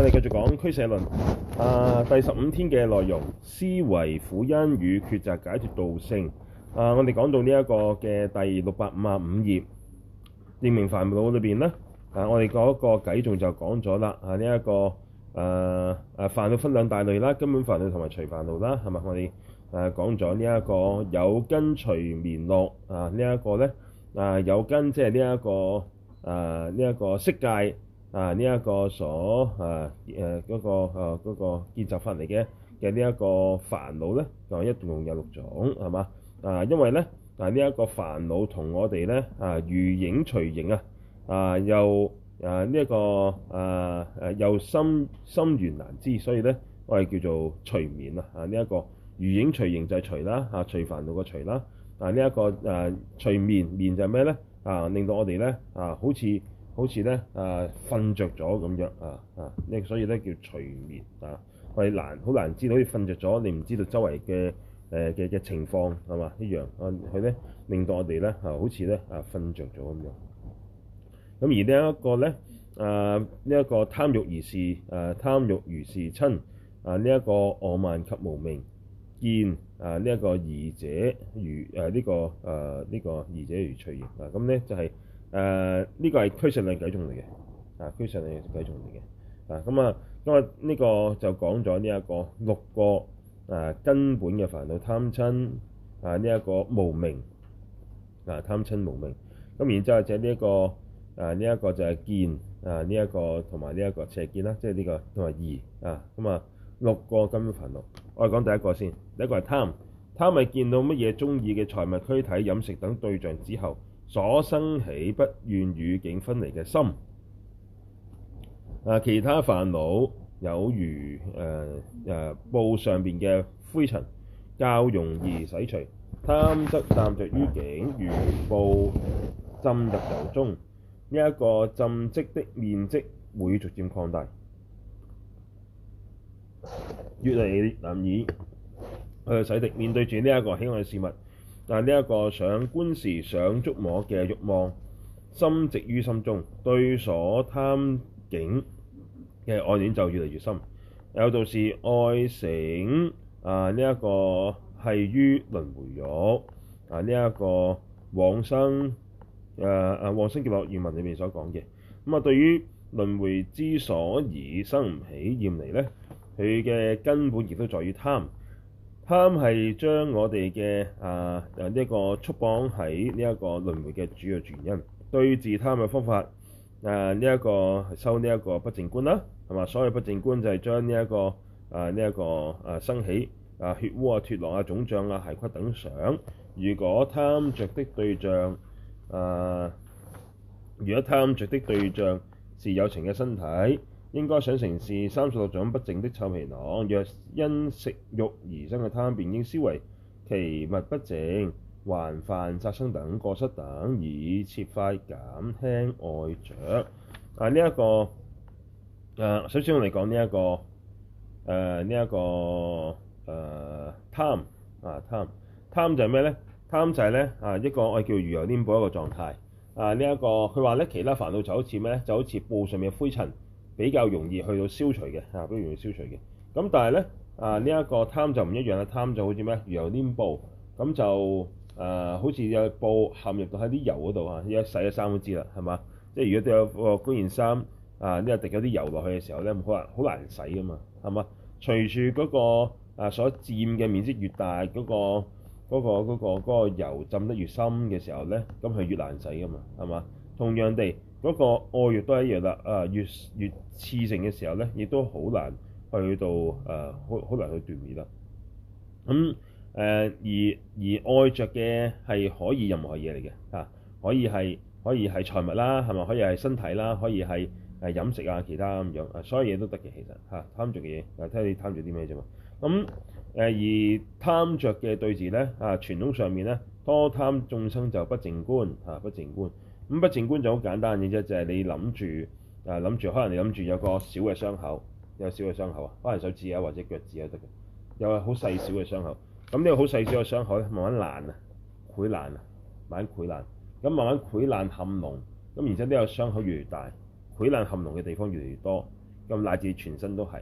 啊、我哋繼續講《俱舍論》啊，第十五天嘅內容：思維苦因與抉擇解脫道性啊！我哋講到呢一個嘅第六百五十五頁《認明煩惱》裏邊咧啊，我哋嗰個偈仲就講咗啦啊！呢、這、一個啊啊煩惱分兩大類啦，根本煩惱同埋隨煩惱啦，係咪？我哋啊講咗呢一個有根隨眠六啊，這個、呢一個咧啊有根即係呢一個啊呢一、這個色界。啊！呢、這、一個所啊誒嗰、啊這個啊嗰結集翻嚟嘅嘅呢一個煩惱咧，就、啊、一共有六種係嘛？啊，因為咧啊、這個、煩惱呢一個煩惱同我哋咧啊如影隨形啊啊又啊呢一、這個啊誒又深深遠難知，所以咧我哋叫做隨眠啊啊呢一、這個如影隨形就係隨啦啊隨煩惱嘅隨啦啊呢一個啊隨眠眠就係咩咧啊令到我哋咧啊好似～好似咧、呃、啊，瞓着咗咁樣啊啊，呢所以咧叫隨眠啊，佢難好難知道，好似瞓着咗，你唔知道周圍嘅嘅嘅情況係嘛一樣啊？佢咧令到我哋咧好似咧啊瞓着咗咁樣。咁而呢一個咧啊，呃、而個呢一、啊這個貪欲如是啊，貪欲如是瞋啊，呢、這、一個傲慢及無明見啊，呢、這、一個疑者如誒呢、啊這個誒呢、啊這個、者如隨啊，咁、啊、咧就係、是。誒呢、呃這個係趨勢量舉重嚟嘅，啊趨勢量舉重嚟嘅，啊咁啊，因為呢個就講咗呢一個六個啊根本嘅煩惱，貪瞋啊呢一、這個、啊、貪無明。啊貪瞋無明，咁、啊、然之後就呢一、這個啊呢一、這個就係見啊呢一個同埋呢一個邪見啦，即係呢個同埋疑。啊咁、這個這個、啊，啊，啊六個根本煩惱，我哋講第一個先，第一個係貪，貪咪見到乜嘢中意嘅財物、軀體、飲食等對象之後。所生起不願與境分離嘅心，啊，其他煩惱有如誒誒、呃呃、布上邊嘅灰塵，較容易洗除。貪則耽着於境，如布浸入油中，呢一個浸漬的面積會逐漸擴大，越嚟越難以去洗滌。面對住呢一個喜愛嘅事物。但呢一個想官事想觸摸嘅慾望，深植於心中，對所貪境嘅愛戀就越嚟越深。有道是愛繩啊，呢、這、一個繫於輪迴獄啊，呢、這、一個往生誒誒、啊、往生極樂願文裏面所講嘅。咁啊，對於輪迴之所以生唔起厭離咧，佢嘅根本亦都在於貪。貪係將我哋嘅啊啊呢一個束縛喺呢一個輪迴嘅主要原因。對治貪嘅方法啊呢一、這個修呢一個不淨觀啦，係嘛？所謂不淨觀就係將呢、這、一個啊呢一、這個啊生起啊血污啊脫落啊腫脹啊骸骨等想。如果貪着的對象啊，如果貪着的、啊、的對象是有情嘅身體。應該想城市，三十六種不淨的臭皮囊，若因食肉而生嘅貪便，應思惟其物不淨，還犯殺生等過失等，以切塊減輕愛著。啊，呢、這、一個誒、啊，首先我嚟講呢一個誒，呢、啊、一、這個誒、啊、貪啊貪貪就係咩呢？貪就係呢啊一個我叫如油黏布一個狀態。啊，呢、這、一個佢話呢，其他煩惱就好似咩呢？就好似布上面嘅灰塵。比較容易去到消除嘅嚇、啊，比較容易消除嘅。咁但係咧啊，呢、這、一個貪就唔一樣啦，貪就好似咩油黏布咁就啊，好似有布陷入到喺啲油嗰度嚇，而、啊、家洗啲衫都知啦，係嘛？即係如果有個嗰件衫啊，呢個滴咗啲油落去嘅時候咧，好難好難洗噶嘛，係嘛？隨住嗰、那個啊所佔嘅面積越大，嗰、那個嗰、那個那個那個那個油浸得越深嘅時候咧，咁係越難洗噶嘛，係嘛？同樣地。嗰個愛都係一樣啦，啊，越越次成嘅時候咧，亦都好難去到，好、呃、好難去斷滅啦。咁、嗯呃、而而愛著嘅係可以任何嘢嚟嘅，可以係可以係財物啦，係咪，可以係身體啦，可以係飲食啊，其他咁樣，啊，所有嘢都得嘅其實嚇，貪著嘅嘢，睇下你貪著啲咩啫嘛。咁、嗯呃、而貪著嘅對治咧，啊，傳統上面咧，多貪眾生就不淨觀，啊、不淨觀。咁不淨觀就好簡單嘅啫，就係、是、你諗住啊，諗住可能你諗住有個小嘅傷口，有個小嘅傷口啊，可能手指啊或者腳趾啊得嘅，有係好細小嘅傷口。咁呢個好細小嘅傷口慢慢爛啊，潰爛啊，慢慢潰爛，咁慢慢潰爛滲膿，咁然之後呢個傷口越嚟越大，潰爛滲膿嘅地方越嚟越多，咁乃至全身都係。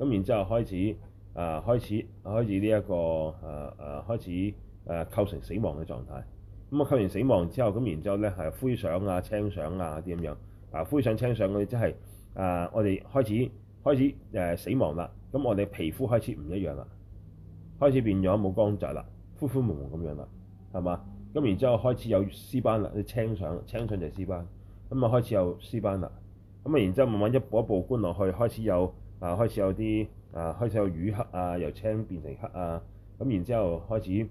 咁然之後開始啊、呃，開始開始呢、這、一個誒誒、呃、開始誒、呃呃、構成死亡嘅狀態。咁啊，溝完死亡之後，咁然之後咧係灰相啊、青相啊啲咁樣啊，灰相、青相嗰啲即係啊，就是呃、我哋開始開始誒、呃、死亡啦，咁我哋皮膚開始唔一樣啦，開始變咗冇光澤啦，灰灰蒙蒙咁樣啦，係嘛？咁然之後開始有屍斑啦，啲青相青相就係屍斑，咁啊開始有屍斑啦，咁啊然之後慢慢一步一步觀落去，開始有啊、呃、開始有啲啊、呃、開始有淤黑啊，由青變成黑啊，咁然之後開始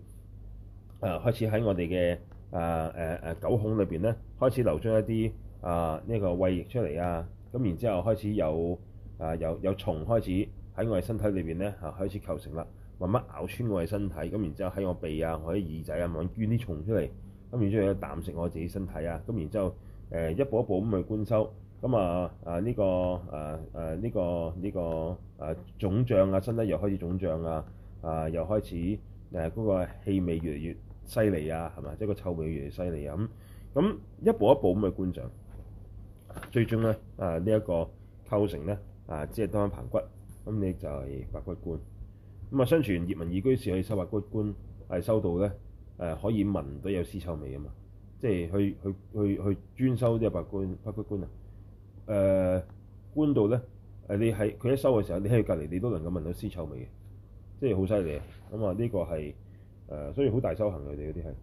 啊、呃、開始喺我哋嘅。啊誒誒九孔裏邊咧開始流出一啲啊呢個胃液出嚟啊，咁然之後開始有啊、uh, 有有蟲開始喺我嘅身體裏邊咧啊開始構成啦，慢慢咬穿我嘅身體，咁然之後喺我鼻啊我啲耳仔啊慢慢捐啲蟲出嚟，咁然之後有啖食我自己身體啊，咁然之後誒一步一步咁去觀修，咁啊啊呢個啊啊呢個呢、uh, uh, 這個啊腫脹啊，身體又開始腫脹啊啊又開始誒嗰個氣味越嚟越。犀利啊，係嘛？即係、就是、個臭味越嚟越犀利啊，咁咁一步一步咁去觀想，最終咧誒呢一、啊呢個構成咧啊，只係多翻頸骨，咁你就係白骨觀。咁啊，相傳葉問二居士去收白骨觀係、啊、收到咧誒、啊，可以聞到有屍臭味啊嘛，即係去去去去專收啲白骨白骨觀啊。誒觀到咧誒，你喺佢一收嘅時候，你喺佢隔離，你都能夠聞到屍臭味嘅，即係好犀利啊！咁啊，呢個係。誒、啊啊這個啊，所以好大修行，佢哋嗰啲係，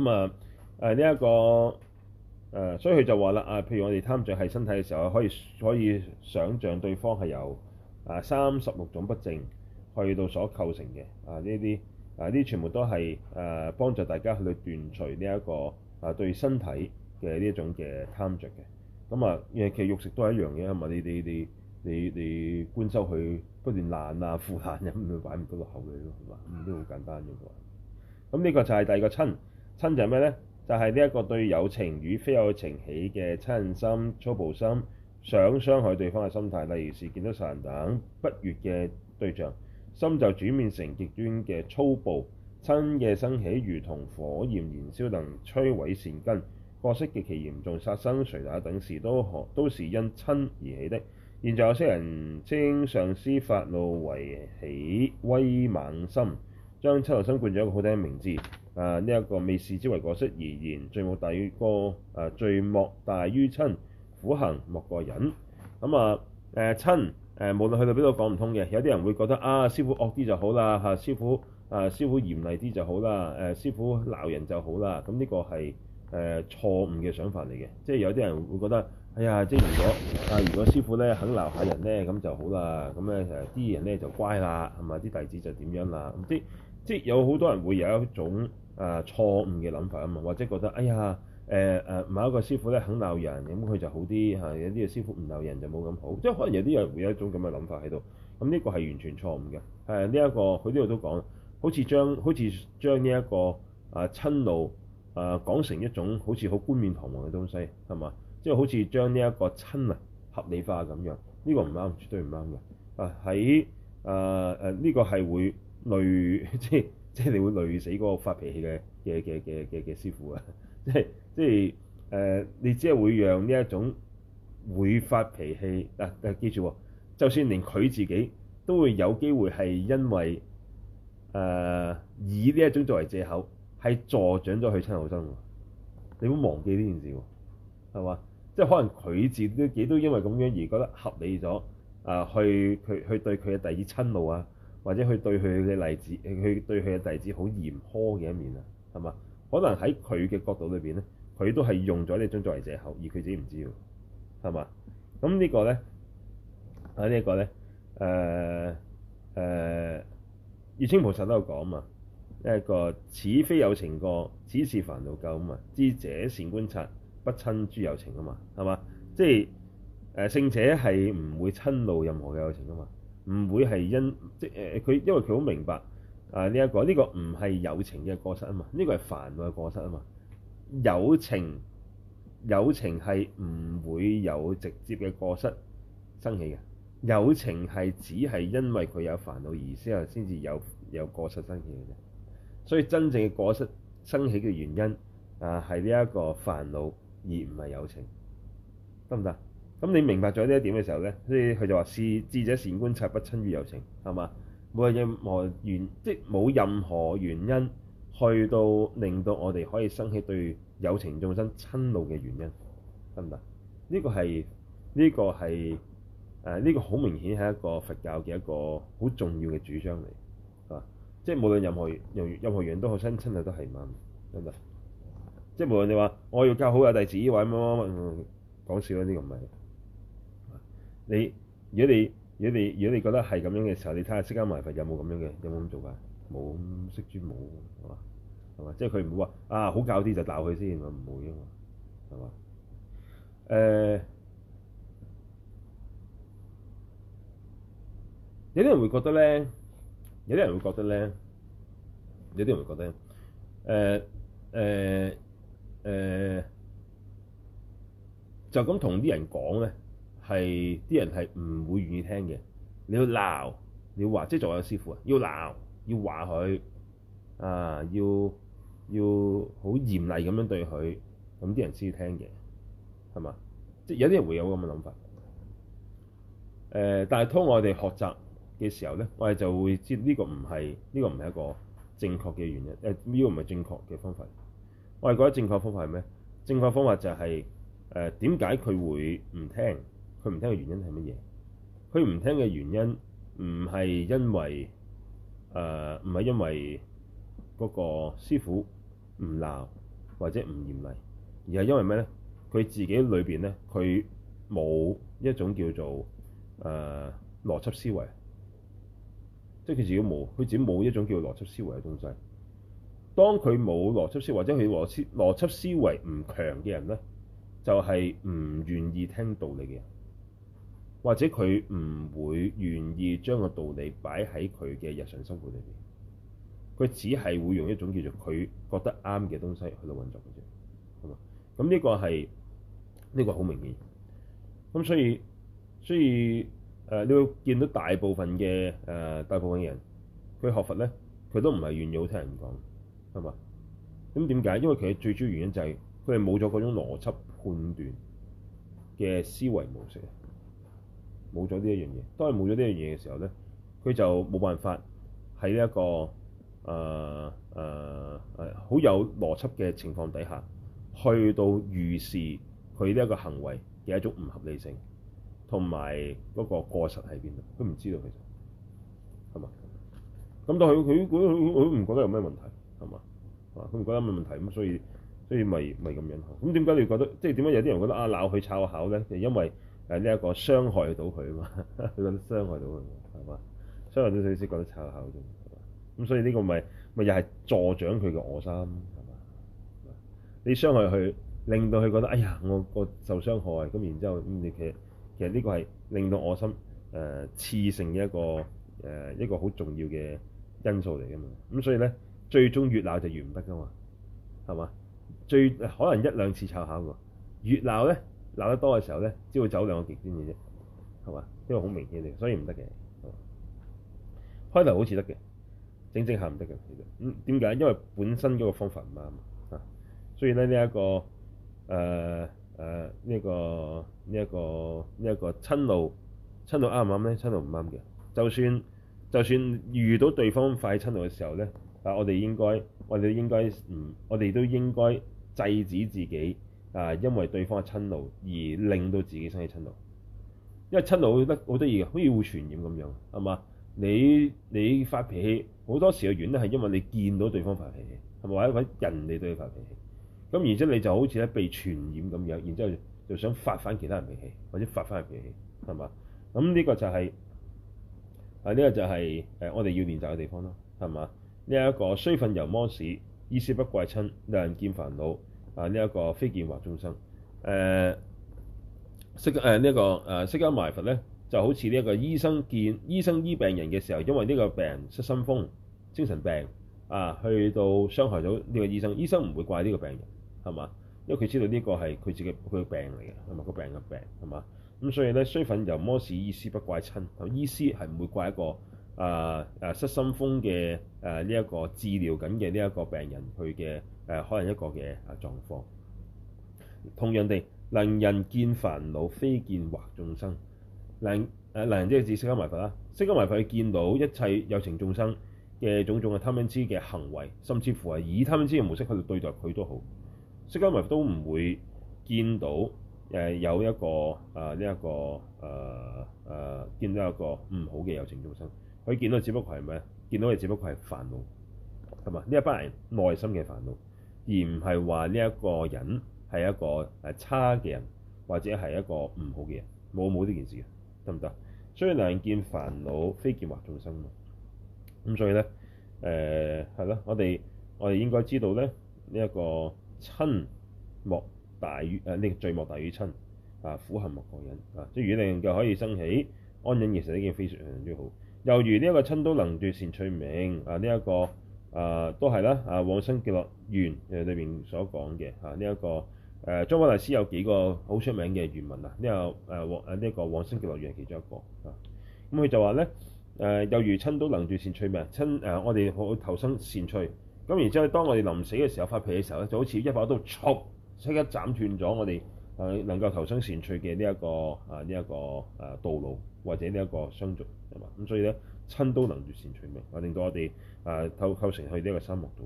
咁啊誒呢一個誒，所以佢就話啦啊，譬如我哋貪着係身體嘅時候，可以可以想像對方係有啊三十六種不淨去到所構成嘅啊呢啲，啊呢啲全部都係誒、啊、幫助大家去，去斷除呢、這、一個啊對身體嘅呢一種嘅貪着嘅，咁啊誒其實肉食都係一樣嘢啊嘛，呢啲啲你你，你，你，你觀修佢。不段爛啊，腐爛咁，佢擺唔到落口嘅咯，係嘛？咁都好簡單嘅喎。咁呢個就係第二個瞋，瞋就係咩呢？就係呢一個對有情與非有情起嘅瞋心、粗暴心，想傷害對方嘅心態。例如是見到仇人等不悅嘅對象，心就轉變成極端嘅粗暴，瞋嘅生起，如同火焰燃燒能，能摧毀善根。過失極其嚴重。殺生、捶打等事都可，都是因瞋而起的。現在有些人稱上師發怒為起威猛心，將瞋心冠咗一個好聽嘅名字。啊，呢、這、一個未視之為過失而言，罪莫大於過。啊，罪莫大於瞋，苦行莫過忍。咁啊，誒、啊、瞋誒、啊，無論去到邊度講唔通嘅，有啲人會覺得啊，師傅惡啲就好啦，嚇師傅啊，師傅、啊、嚴厲啲就好啦，誒、啊、師傅鬧人就好啦。咁呢個係誒錯誤嘅想法嚟嘅，即係有啲人會覺得。哎呀，即如果啊，如果師傅咧肯鬧下人咧，咁就好啦。咁咧誒啲人咧就乖啦，係嘛？啲弟子就點樣啦？即即有好多人會有一種啊、呃、錯誤嘅諗法啊嘛，或者覺得哎呀誒誒、呃呃、某一個師傅咧肯鬧人，咁佢就好啲嚇；有啲師傅唔鬧人就冇咁好，即可能有啲人會有一種咁嘅諗法喺度。咁呢個係完全錯誤嘅。係呢一個佢呢度都講，好似將好似將呢一個啊瞋怒啊講成一種好似好冠冕堂皇嘅東西係嘛？即係好似將呢一個親啊合理化咁樣，呢個唔啱，絕對唔啱嘅。啊喺呢個係會累，即係即係你會累死嗰個發脾氣嘅嘅嘅嘅嘅師傅啊！即係即係、呃、你只係會讓呢一種會發脾氣嗱、啊、記住，就算連佢自己都會有機會係因為、呃、以呢一種作為借口，係助長咗佢親口生活。你唔好忘記呢件事喎。係嘛？即係可能佢自己也都因為咁樣而覺得合理咗啊，去佢去，去對佢嘅弟子瞋怒啊，或者去對佢嘅弟子，佢對佢嘅弟子好嚴苛嘅一面啊，係嘛？可能喺佢嘅角度裏邊咧，佢都係用咗呢種作為藉口，而佢自己唔知喎，係嘛？咁呢個咧啊，呢個、呢個咧誒誒，月稱菩薩都有講啊嘛，一個此非有情過，此是煩惱咎啊嘛，知者善觀察。不瞋諸有情啊嘛，係嘛？即係誒聖者係唔會瞋怒任何嘅有情啊嘛，唔會係因即誒佢因為佢好明白啊，呢一個呢個唔係有情嘅過失啊嘛，呢個係煩惱嘅過失啊嘛。有情有情係唔會有直接嘅過失生起嘅，有情係只係因為佢有煩惱而先係先至有有過失生起嘅啫。所以真正嘅過失生起嘅原因啊係呢一個煩惱。而唔係友情，得唔得？咁你明白咗呢一點嘅時候呢，所以佢就話：是智者善觀察，不親於友情，係嘛？冇任何原，即冇任何原因去到令到我哋可以生起對友情眾生親怒嘅原因，得唔得？呢、呢個係呢、呢個係誒呢個好明顯係一個佛教嘅一個好重要嘅主張嚟。啊！即無論任何任何樣都好生親啊，都係嘛？得唔得？即係無論你話我要教好我弟子，話乜乜乜講笑啦，呢個唔係。你如果你如果你如果你覺得係咁樣嘅時候，你睇下釋迦牟尼佛有冇咁樣嘅，有冇咁做㗎？冇識豬冇，係嘛？係嘛？即係佢唔會話啊，好教啲就鬧佢先，唔會啊，係嘛？誒、呃、有啲人會覺得咧，有啲人會覺得咧，有啲人會覺得誒誒。呃呃誒、呃，就咁同啲人講咧，係啲人係唔會願意聽嘅。你要鬧，你要話，即係作為師傅啊，要鬧，要話佢啊，要要好嚴厲咁樣對佢，咁啲人先會聽嘅，係嘛？即係有啲人會有咁嘅諗法。誒、呃，但係當我哋學習嘅時候咧，我哋就會知呢個唔係呢個唔係一個正確嘅原因，呢、呃呢個唔係正確嘅方法。我哋覺得正確方法係咩？正確方法就係誒點解佢會唔聽？佢唔聽嘅原因係乜嘢？佢唔聽嘅原因唔係因為誒唔係因為嗰個師傅唔鬧或者唔嚴厲，而係因為咩咧？佢自己裏邊咧，佢冇一種叫做誒、呃、邏輯思維，即係佢自己冇，佢自己冇一種叫做邏輯思維嘅東西。當佢冇邏輯思，或者佢邏思邏輯思維唔強嘅人呢，就係、是、唔願意聽道理嘅人，或者佢唔會願意將個道理擺喺佢嘅日常生活裏邊，佢只係會用一種叫做佢覺得啱嘅東西去到運作嘅啫。係嘛。咁呢個係呢、呢個好明顯。咁所以所以誒、呃，你會見到大部分嘅誒、呃、大部分嘅人，佢學佛呢，佢都唔係願意好聽人講。係嘛？咁點解？因為其實最主要原因就係佢係冇咗嗰種邏輯判斷嘅思維模式，冇咗呢一樣嘢。當係冇咗呢樣嘢嘅時候咧，佢就冇辦法喺呢一個誒誒誒好有邏輯嘅情況底下，去到預示佢呢一個行為嘅一種唔合理性，同埋嗰個過失喺邊度，佢唔知道佢就係嘛？咁但係佢佢佢佢唔覺得有咩問題。係嘛、就是？啊，佢唔覺得有冇問題咁，所以所以咪咪咁樣。咁點解你覺得即係點解有啲人覺得啊鬧佢炒口咧？就是、因為誒呢一個傷害到佢啊嘛，佢覺得傷害到佢，係嘛？傷害到佢先覺得炒口啫。咁所以呢個咪咪又係助長佢嘅我心，係嘛？你傷害佢，令到佢覺得哎呀，我個受傷害，咁，然之後咁、嗯，其實其實呢個係令到我心誒、呃、刺成嘅一個誒、呃、一個好重要嘅因素嚟㗎嘛。咁所以咧。最終越鬧就越唔得噶嘛，係嘛？最可能一兩次湊巧喎，越鬧咧鬧得多嘅時候咧，只會走兩個極端嘅啫，係嘛？因為好明顯嘅，所以唔得嘅。開頭好似得嘅，整整下唔得嘅其實。嗯，點解？因為本身嗰個方法唔啱啊，所以咧呢一個誒誒呢一個呢一個呢一個親路親路啱唔啱咧？親路唔啱嘅，就算就算遇到對方快親路嘅時候咧。啊！我哋應該，我哋應該唔、嗯，我哋都應該制止自己啊，因為對方嘅瞋怒而令到自己生起瞋怒。因為瞋怒好得好得意嘅，好似會傳染咁樣，係嘛？你你發脾氣好多時嘅原因係因為你見到對方發脾氣，係咪？或者人哋對你發脾氣，咁然之後你就好似咧被傳染咁樣，然之後就想發翻其他人脾氣，或者發翻人脾氣，係嘛？咁呢個就係、是、啊，呢、這個就係誒我哋要練習嘅地方咯，係嘛？呢一、這個衰憤由魔事，醫師不怪親，兩人見煩惱。啊，呢、這、一個非見惑眾生。誒、呃，識得、呃這個啊、呢一個釋迦埋佛咧，就好似呢一個醫生見醫生醫病人嘅時候，因為呢個病失心瘋、精神病，啊，去到傷害咗呢個醫生，醫生唔會怪呢個病人，係嘛？因為佢知道呢個係佢自己佢嘅病嚟嘅，係咪個病嘅病，係嘛？咁所以咧，衰憤由魔事，醫師不怪親。醫師係唔會怪一個。啊！啊、呃，失心瘋嘅誒呢一個治療緊嘅呢一個病人，佢嘅誒可能一個嘅啊狀況。同樣地，能仁見煩惱，非見惑眾生。能誒能即係指釋迦牟尼佛啦。釋迦牟尼佛佢見到一切有情眾生嘅種種嘅貪瞋痴嘅行為，甚至乎係以貪瞋痴嘅模式去對待佢都好，釋迦牟尼佛都唔會見到誒、呃、有一個啊呢一個誒誒見到一個唔好嘅有情眾生。佢見到他只不過係咩咧？見到嘅只不過係煩惱，係嘛？呢一班人內心嘅煩惱，而唔係話呢一個人係一個係差嘅人，或者係一個唔好嘅人，冇冇呢件事嘅，得唔得？所以難見煩惱，非見惑眾生嘛。咁所以咧，誒係咯，我哋我哋應該知道咧，呢、這、一個瞋莫大於誒呢個罪莫大於瞋啊，苦行莫過忍啊，即係如果你能夠可以生起安忍，其實一件非常之好。又如呢一個瞋刀能奪善趣命，啊！呢、這、一個啊、呃、都係啦啊《往生極樂願》誒裏邊所講嘅啊呢一、這個誒莊關大師有幾個好出名嘅願文、這個、啊呢、這個往、啊這個、往生極樂願》係其中一個啊咁佢、嗯、就話咧誒又如瞋刀能奪善趣命，瞋、啊、我哋好,好投生善趣咁然之後當我哋臨死嘅時候發脾嘅時候咧就好似一把刀速即刻斬斷咗我哋。係能夠求生善趣嘅呢一個啊，呢一個啊道路或者呢一個相續，係嘛，咁所以咧瞋都能奪善趣命，令到我哋啊構構成去呢一個三目度。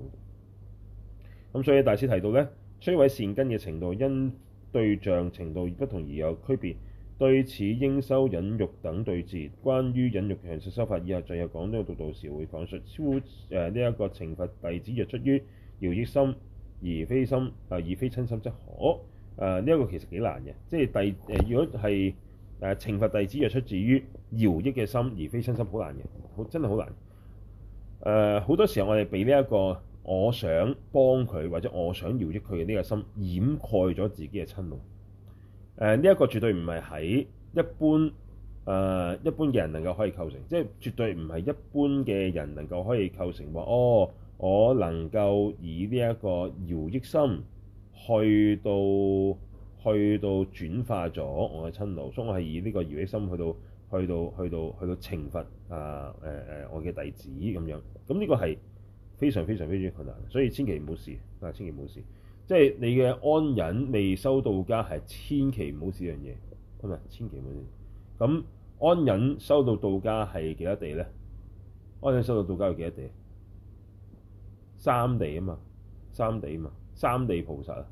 咁所以大師提到咧摧毀善根嘅程度，因對象程度而不同而有區別。對此應修忍辱等對治，關於忍辱詳細修法以後，再有講到六度時會講述。超誒呢一個懲罰弟子，若出於饒益心，而非心啊，而非瞋心則可。誒呢一個其實幾難嘅，即係第誒、呃，如果係誒、呃、懲罰弟子，就出自於饒益嘅心，而非瞋心，好難嘅，好真係好難的。誒、呃、好多時候我哋被呢、這、一個我想幫佢或者我想饒益佢嘅呢個心掩蓋咗自己嘅瞋心。誒呢一個絕對唔係喺一般誒、呃、一般嘅人能夠可以構成，即係絕對唔係一般嘅人能夠可以構成話，哦，我能夠以呢一個饒益心。去到去到轉化咗我嘅親奴，所以我係以呢個疑心去到去到去到去到懲罰啊誒誒我嘅弟子咁樣，咁呢個係非常非常非常困難，所以千祈唔好試，啊千祈唔好試，即係你嘅安忍未收到家係千祈唔好試樣嘢，係咪千祈唔好試。咁安忍收到到家係幾多地咧？安忍收到到家係幾多地？三地啊嘛，三地啊嘛。三地菩薩啊，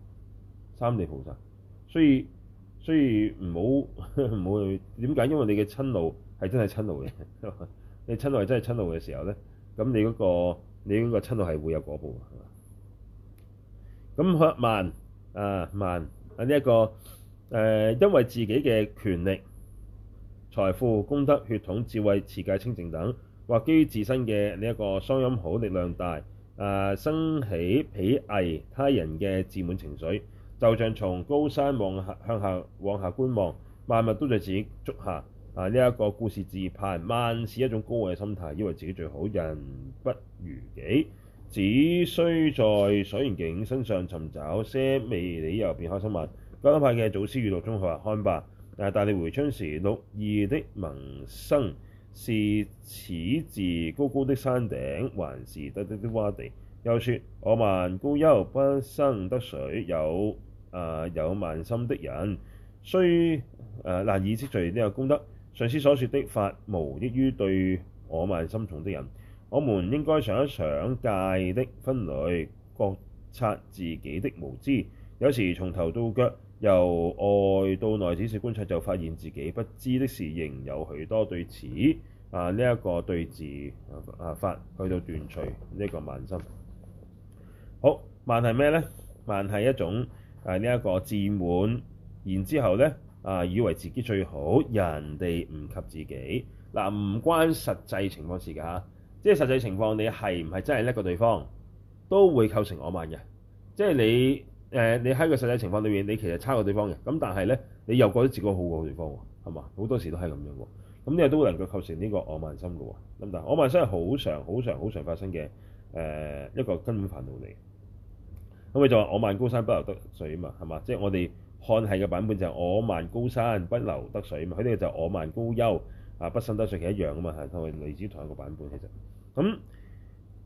三地菩薩，所以所以唔好唔好點解？因為你嘅瞋怒係真係瞋怒嘅，你瞋怒係真係瞋怒嘅時候咧，咁你嗰、那個你嗰個瞋怒係會有果報嘅。咁屈慢啊慢啊呢一個誒，因為自己嘅權力、財富、功德、血統、智慧、持戒、清淨等，或基於自身嘅呢一個嗓音好、力量大，誒、啊、生起鄙夷他人嘅自滿情緒，就像從高山望下向下往下觀望，萬物都在自己足下。啊！呢、這、一個故事自拍，萬事一種高傲嘅心態，以為自己最好，人不如己，只需在所緣境身上尋找些微理由便開心。噶當派嘅祖師語錄中話：看吧，但、啊、係大地回春時，綠意的萌生，是始自高高的山頂，還是低低的窪地？又說，我慢高丘，不生德水，有啊、呃、有慢心的人，雖、呃、難以積聚呢個功德。上師所說的法無益於對我慢心重的人。我們應該想一想界的分類，覺察自己的無知。有時從頭到腳。.由外到內仔細觀察，就發現自己不知的事，仍有許多對治、啊呢個、對治。啊，呢一個對治啊法，去到斷除呢一個慢心。好，慢係咩呢？慢係一種啊，呢、呢、一個自滿，然之後呢，啊，以為自己最好，人哋唔及自己嗱，唔、啊、關實際情況事噶，即係實際情況你係唔係真係叻過對方，都會構成我慢嘅，即係你。誒、呃，你喺個實際情況裏面，你其實差過對方嘅，咁但係咧，你又覺得自己好過對方喎，係嘛？好多時都係咁樣喎，咁你個都能夠構成呢個我慢心嘅，咁但係我慢心係好常、好常、好常發生嘅誒、呃、一個根本煩惱嚟。咁你仲話我慢高山不留得水啊嘛，係嘛？即係我哋漢系嘅版本就係我慢高山不留得水啊嘛，佢哋就我慢高丘啊不生得水，其實一樣啊嘛，係同類似同一個版本其實，咁。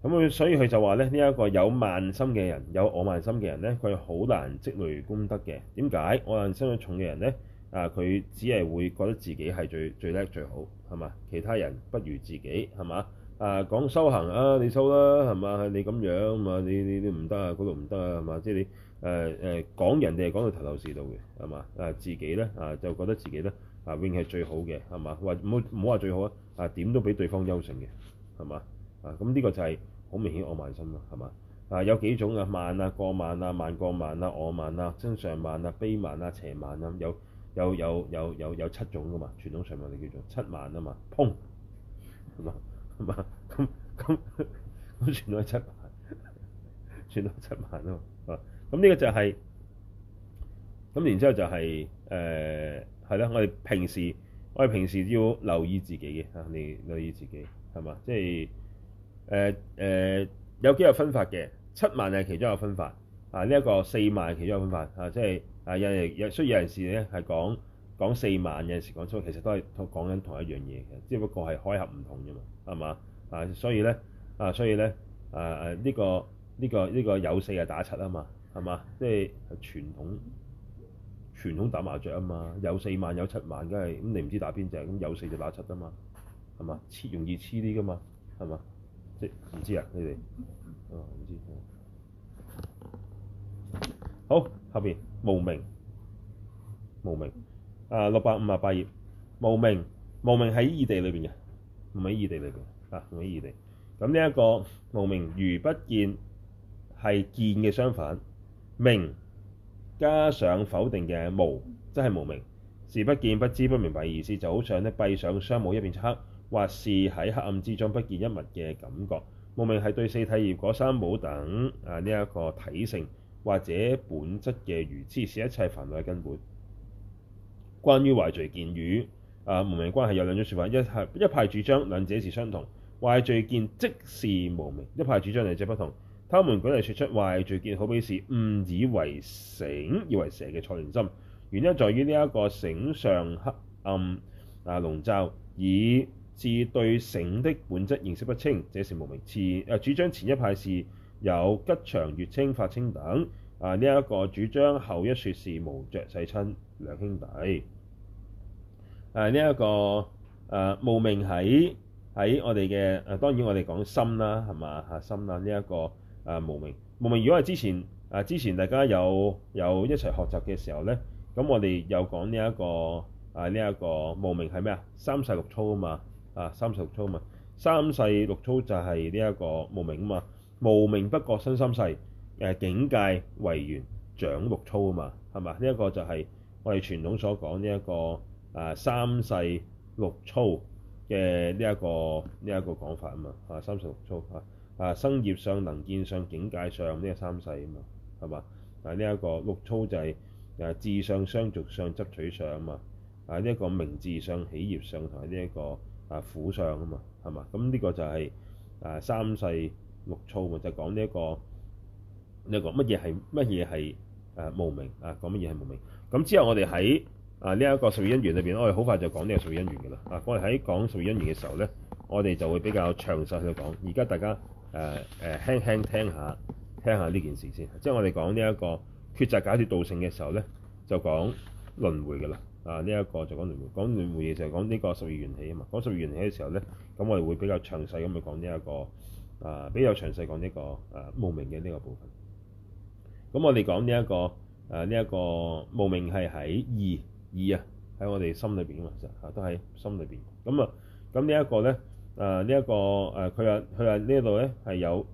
咁、嗯、所以佢就話咧，呢、這、一個有慢心嘅人，有我慢心嘅人咧，佢好難積累功德嘅。點解我慢心咁重嘅人咧？啊，佢只係會覺得自己係最最叻最好，係嘛？其他人不如自己，係嘛？啊，講修行啊，你修啦，係嘛？你咁樣啊，你你你唔得啊，嗰度唔得啊，係、就、嘛、是？即係你誒誒講人哋係講到頭頭，頭，頭的是道嘅，係嘛？啊，自己咧啊，就覺得自己咧啊，永遠係最好嘅，係嘛？或唔好唔好話最好啊？啊，點都比對方優勝嘅，係嘛？啊，咁、嗯、呢、嗯這個就係、是。好明顯，我慢心咯，係嘛？啊，有幾種啊，慢啊，過慢啊，慢過慢啊，我慢啊，正常慢啊，卑慢啊，邪慢啊，有有有有有有七種噶嘛？傳統上話你叫做七慢啊嘛，砰，係嘛？係嘛？咁咁咁算到七慢，算到七慢咯，係嘛？咁呢個就係、是、咁，然之後就係誒係啦。我哋平時我哋平時都要留意自己嘅嚇，你留意自己係嘛？即係。誒誒、呃呃、有幾個分法嘅，七萬係其中一個分法啊。呢、這、一個四萬係其中一個分法啊，即係啊有有需要有陣時咧係講講四萬，有陣時講粗其實都係講緊同一樣嘢嘅，只不過係開合唔同啫嘛，係嘛啊？所以咧啊，所以咧啊啊！呢、這個呢、這個呢、這個，、這個、有，四有，四有，個有四就打七啊嘛，係嘛？即係傳統傳統打麻雀啊嘛，有四萬有七萬，梗係咁你唔知打邊隻，咁有四就打七啊嘛，係嘛？黐容易黐啲噶嘛，係嘛？唔知啊，你哋，啊、哦、唔知，好後邊無明、無明，啊六百五十八頁，無明、無明喺異地裏邊嘅，唔喺異地裏邊，啊唔喺異地，咁呢一個無明如不見，係見嘅相反，明加上否定嘅無，即係無明，是不見不知不明白，嘅意思就好似呢閉上雙目一片漆黑。或是喺黑暗之中不見一物嘅感覺。無明係對四諦、業果、三寶等啊呢一個體性或者本質嘅愚癡，是一切煩惱嘅根本。關於壞聚見與啊無明關係，有兩種説法，一係一派主張兩者是相同，壞聚見即是無明；一派主張兩者不同。他們舉例説出壞聚見好比是誤以為繩以為蛇嘅錯亂心，原因在於呢一個繩上黑暗啊籠罩以，自對繩的本質認識不清，這是無明前誒。主張前一派是有吉祥、月稱、法稱等啊。呢、這、一個主張後一説是無着世親兩兄弟。誒呢一個誒、啊、無明喺喺我哋嘅誒，當然我哋講心啦，係嘛啊心啦呢一、這個誒、啊、無明無明。如果係之前誒、啊、之前大家有有一齊學習嘅時候咧，咁我哋又講呢、這、一個誒呢一個無明係咩啊？三細六粗啊嘛。啊！三細六粗啊嘛，三細六粗就係呢一個無明啊嘛，無明不覺生三細誒、啊、境界為緣，長六粗啊嘛，係嘛？呢、這、一個就係我哋傳統所講呢一個啊三細六粗嘅呢一個呢一、這個講法啊嘛，啊三細六粗，啊啊生業相能見相境界相呢、這個三細啊嘛，係嘛？啊呢一、這個六粗就係、是、啊智相相續相執取相啊嘛，啊呢一、這個名字相起業相同埋呢一個。啊，府上啊嘛，係嘛？咁呢個就係啊，三世六操嘛，就是、講呢、呢、一個呢個乜嘢係乜嘢係啊無明啊，講乜嘢係無明？咁之後我哋喺啊呢一個十二因緣裏邊，我哋好快就講呢個十二因緣嘅啦。啊，我哋喺講十二因緣嘅時候咧，我哋就會比較詳細去講。而家大家誒誒、呃呃、輕輕聽下聽下呢件事先。即係、啊、我哋講呢一個抉擇解脫道性嘅時候咧，就講輪迴嘅啦。啊啊！呢一個就講輪迴，講輪迴嘅時候講呢個十二緣起啊嘛。講十二緣起嘅時候咧，咁我哋會比較詳細咁去講呢一個啊，比較詳細講呢個啊，無明嘅呢個部分。咁我哋講呢一個啊，呢一個無明係喺二二啊，喺我哋心裏邊啊嘛，實啊都喺心裏邊。咁啊，咁呢一個咧，啊呢一個誒，佢話佢話呢度咧係有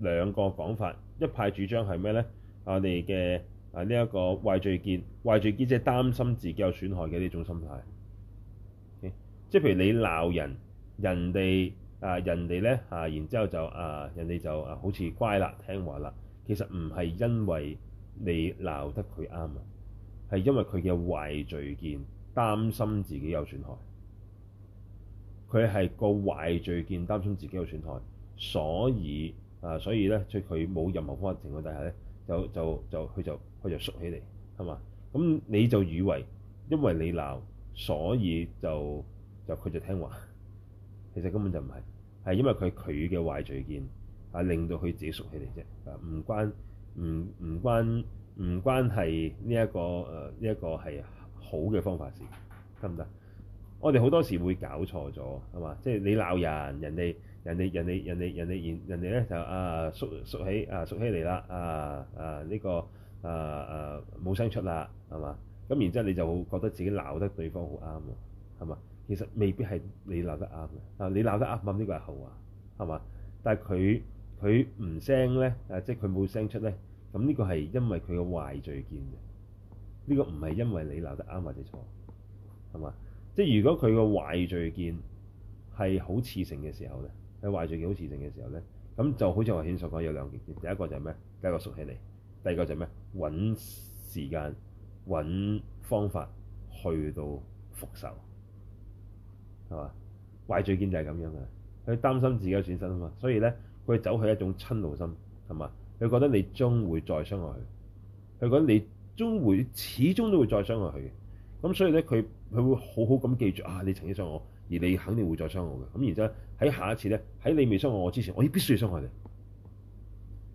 兩個講法，一派主張係咩咧？我哋嘅。係呢一個壞聚見，壞聚見即係擔心自己有損害嘅呢種心態。Okay? 即係譬如你鬧人，人哋啊，人哋咧嚇，然之後就啊，人哋就啊，人哋就啊，好似乖啦、聽話啦。其實唔係因為你鬧得佢啱啊，係因為佢嘅壞聚見擔心自己有損害。佢係個壞聚見擔心自己有損害，所以啊，所以咧，即佢冇任何方法。情況底下咧，就就就佢就。就佢就熟起嚟，係嘛？咁你就以為，因為你鬧，所以就就佢就聽話。其實根本就唔係，係因為佢佢嘅壞嘴 r 啊，令到佢自己熟起嚟啫。啊，唔關唔唔關唔關係呢一個誒呢一個係好嘅方法事得唔得？我哋好多時會搞錯咗，係嘛？即、就、係、是、你鬧人，人哋人哋人哋人哋人哋人哋咧就啊熟熟起啊熟起嚟啦啊啊呢、這個。誒誒冇聲出啦，係嘛？咁然之後你就覺得自己鬧得對方好啱喎，係嘛？其實未必係你鬧得啱嘅，啊你鬧得啱唔啱？呢個係後話，係嘛？但係佢佢唔聲咧，啊即係佢冇聲出咧，咁呢個係因為佢嘅壞聚見嘅，呢個唔係因為你鬧得啱或者錯，係嘛？即係如果佢嘅壞聚見係好熾盛嘅時候咧，係壞聚見好熾盛嘅時候咧，咁就好似我前面所講有兩件嘢，第一個就係咩？第一個縮起嚟，第二個就係咩？揾時間揾方法去到復仇，係嘛？壞聚見就係咁樣嘅。佢擔心自己嘅損失啊嘛，所以咧佢走去一種瞋怒心，係嘛？佢覺得你將會再傷害佢，佢覺得你終會始終都會再傷害佢嘅。咁所以咧佢佢會好好咁記住啊，你曾經傷害我，而你肯定會再傷害我嘅。咁然之後喺下一次咧，喺你未傷害我之前，我也必須要傷害你。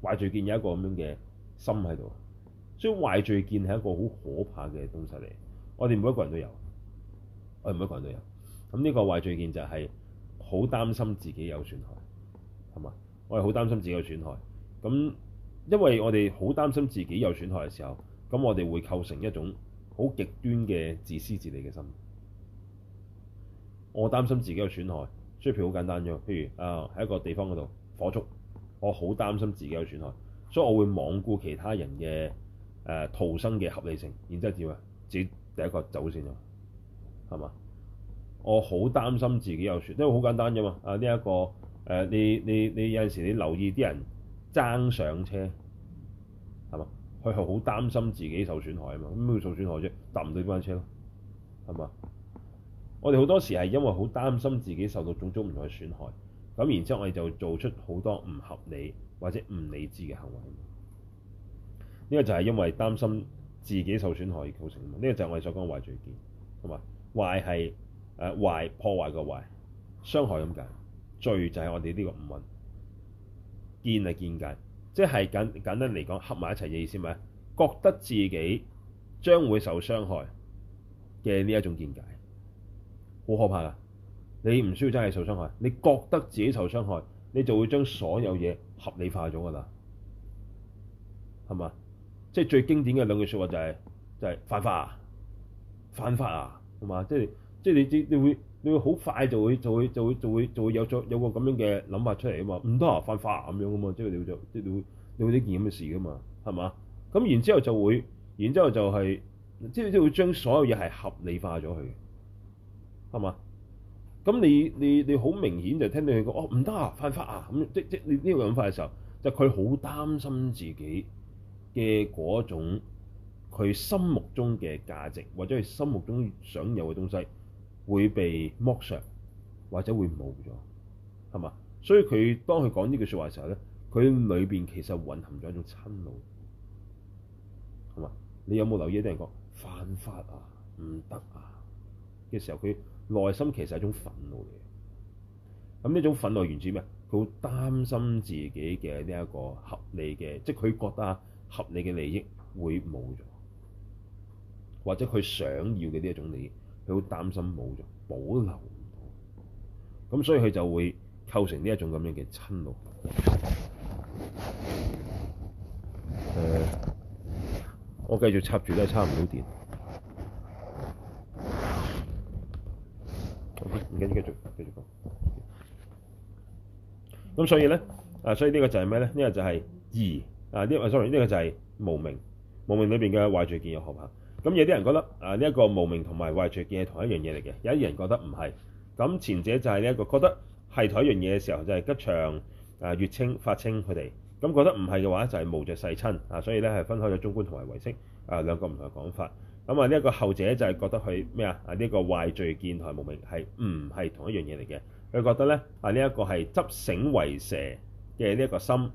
壞聚見有一個咁樣嘅心喺度。所以壞聚見係一個好可怕嘅東西嚟。我哋每一個人都有，我哋每一個人都有。咁呢個壞聚見就係好擔心自己有損害，係嘛？我哋好擔心自己有損害。咁因為我哋好擔心自己有損害嘅時候，咁我哋會構成一種好極端嘅自私自利嘅心。我擔心自己有損害，所以譬如好簡單啫，譬如啊喺一個地方嗰度火燭，我好擔心自己有損害，所以我會罔顧其他人嘅。誒逃生嘅合理性，然之後點啊？自己第一個走先咯，係嘛？我好擔心自己有損，因為好簡單啫嘛。啊呢一個誒、呃，你你你有陣時你留意啲人爭上車，係嘛？佢係好擔心自己受損害啊嘛。咁會受損害啫，搭唔到呢班車咯，係嘛？我哋好多時係因為好擔心自己受到種種唔同嘅損害，咁然之後我哋就做出好多唔合理或者唔理智嘅行為。呢個就係因為擔心自己受損害而造成的。呢個就係我哋所講壞聚見，同埋壞係誒壞破壞個壞，傷害咁解。聚就係我哋呢個五蘊，見係見解，即係簡簡單嚟講合埋一齊嘅意思咪？覺得自己將會受傷害嘅呢一種見解，好可怕噶！你唔需要真係受傷害，你覺得自己受傷害，你就會將所有嘢合理化咗噶啦，係咪？即係最經典嘅兩句說話就係、是、就係犯法啊犯法啊，係嘛、啊？即係即係你你你會你會好快就會就會就會就會就會有咗有個咁樣嘅諗法出嚟啊嘛！唔得啊犯法啊咁樣噶嘛，即係你會即係你會你會呢件咁嘅事噶嘛，係嘛？咁然之後就會，然之後就係即係即係會將所有嘢係合理化咗佢嘅，係嘛？咁你你你好明顯就聽到佢講哦唔得啊犯法啊咁即即你呢個諗法嘅時候，就佢、是、好擔心自己。嘅嗰種佢心目中嘅價值，或者佢心目中想有嘅東西，會被剝削，或者會冇咗，係嘛？所以佢當佢講呢句説話嘅時候咧，佢裏邊其實蘊含咗一、啊啊、一種憤怒，係嘛？你有冇留意啲人講犯法啊、唔得啊嘅時候，佢內心其實係一種憤怒嚟嘅。咁呢種憤怒源自咩？佢好擔心自己嘅呢一個合理嘅，即係佢覺得。合理嘅利益會冇咗，或者佢想要嘅呢一種利益，佢好擔心冇咗，保留唔到，咁所以佢就會構成呢一種咁樣嘅瞋怒。誒，我繼續插住都係插唔到電。好啲，唔緊要，繼續繼續講。咁所以咧，啊，所以呢個就係咩咧？呢個就係二。啊！呢個 sorry，呢個就係無明，無明裏邊嘅壞聚見有學派。咁有啲人覺得啊，呢一個無明同埋壞聚見係同一樣嘢嚟嘅。有啲人覺得唔係。咁前者就係呢一個覺得係同一樣嘢嘅時候，就係、是、吉祥啊、月稱、法稱佢哋。咁覺得唔係嘅話，就係無著世親啊。所以咧係分開咗中觀同埋唯識啊兩個唔同嘅講法。咁啊呢一個後者就係覺得佢咩啊？啊、這、呢個壞聚見同埋無明係唔係同一樣嘢嚟嘅？佢覺得咧啊呢一、這個係執繩為蛇嘅呢一個心。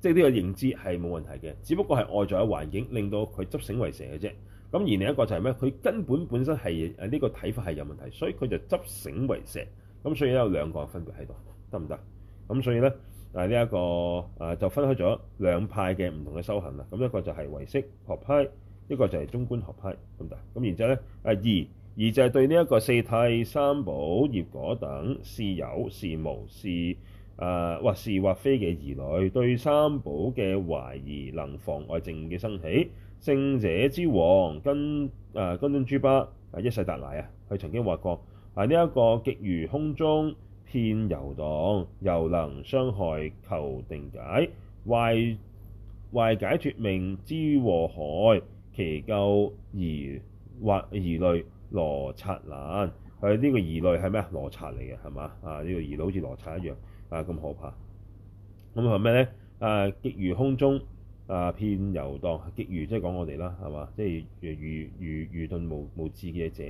即係呢個認知係冇問題嘅，只不過係外在嘅環境令到佢執繩為蛇嘅啫。咁而另一個就係、是、咩？佢根本本身係誒呢個睇法係有問題，所以佢就執繩為蛇。咁所以咧有兩個分別喺度，得唔得？咁所以咧誒呢一、啊這個誒、啊、就分開咗兩派嘅唔同嘅修行啦。咁一個就係唯識，學派，一個就係中觀學派，得唔得？咁然之後咧誒、啊、二二就係對呢一個四諦三寶業果等是有是無是，誒、啊、或是或非嘅疑慮，對三寶嘅懷疑能妨礙證嘅生起。勝者之王跟誒跟根敦珠巴一世達賴啊，佢曾經話過：係呢一個極愚空中遍遊蕩，又能傷害求定解，壞壞解脫命之禍害，祈救而或疑慮羅剎難。佢呢個疑慮係咩啊？這個，羅剎嚟嘅係嘛啊？呢，這個疑慮好似羅剎一樣。啊咁可怕！咁係咩咧？啊，極愚空中啊，遍遊蕩極愚即係講我哋啦，係嘛？即係如如如愚鈍無無智嘅者，